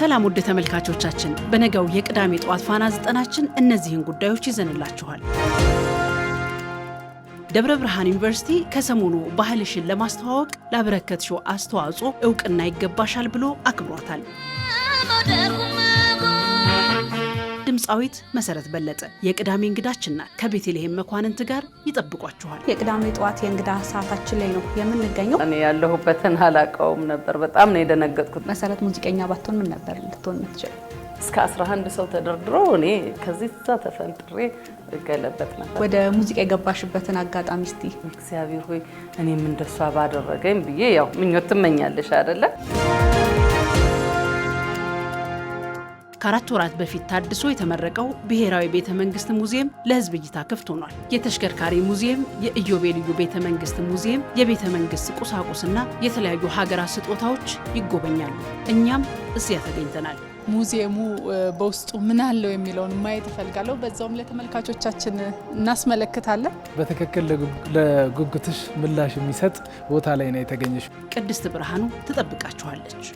ሰላም ውድ ተመልካቾቻችን፣ በነገው የቅዳሜ ጠዋት ፋና ዘጠናችን እነዚህን ጉዳዮች ይዘንላችኋል። ደብረ ብርሃን ዩኒቨርሲቲ ከሰሞኑ ባህልሽን ለማስተዋወቅ ላበረከትሽው አስተዋጽኦ እውቅና ይገባሻል ብሎ አክብሯታል። ድምፃዊት መሰረት በለጠ የቅዳሜ እንግዳችን ናት። ከቤተልሔም መኳንንት ጋር ይጠብቋችኋል። የቅዳሜ ጠዋት የእንግዳ ሰዓታችን ላይ ነው የምንገኘው። እኔ ያለሁበትን አላውቀውም ነበር። በጣም ነው የደነገጥኩት። መሰረት ሙዚቀኛ ባትሆን ምን ነበር ልትሆን የምትችል? እስከ 11 ሰው ተደርድሮ እኔ ከዚህ ዛ ተፈንጥሬ እገለበት ነበር። ወደ ሙዚቃ የገባሽበትን አጋጣሚ እስቲ። እግዚአብሔር ሆይ እኔም እንደሷ ባደረገኝ ብዬ ያው ምኞት ትመኛለሽ አይደለም ከአራት ወራት በፊት ታድሶ የተመረቀው ብሔራዊ ቤተ መንግስት ሙዚየም ለህዝብ እይታ ክፍት ሆኗል። የተሽከርካሪ ሙዚየም፣ የኢዮቤልዩ ቤተ መንግስት ሙዚየም፣ የቤተ መንግስት ቁሳቁስና የተለያዩ ሀገራት ስጦታዎች ይጎበኛሉ። እኛም እዚያ ተገኝተናል። ሙዚየሙ በውስጡ ምን አለው የሚለውን ማየት እፈልጋለሁ። በዛውም ለተመልካቾቻችን እናስመለክታለን። በትክክል ለጉጉትሽ ምላሽ የሚሰጥ ቦታ ላይ ነው የተገኘሽ። ቅድስት ብርሃኑ ትጠብቃችኋለች።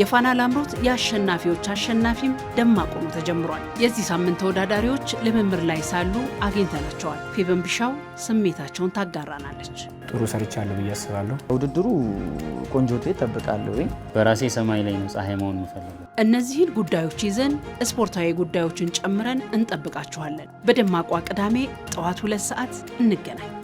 የፋና ላምሮት የአሸናፊዎች አሸናፊም ደማቅ ነው ተጀምሯል። የዚህ ሳምንት ተወዳዳሪዎች ልምምር ላይ ሳሉ አግኝተናቸዋል። ፌበን ቢሻው ስሜታቸውን ታጋራናለች። ጥሩ ሰርቻለሁ ብዬ አስባለሁ። ውድድሩ ቆንጆ ውጤት እጠብቃለሁ። በራሴ ሰማይ ላይ ነው ፀሐይ መሆን የምፈልገው። እነዚህን ጉዳዮች ይዘን ስፖርታዊ ጉዳዮችን ጨምረን እንጠብቃችኋለን። በደማቋ ቅዳሜ ጠዋት ሁለት ሰዓት እንገናኝ።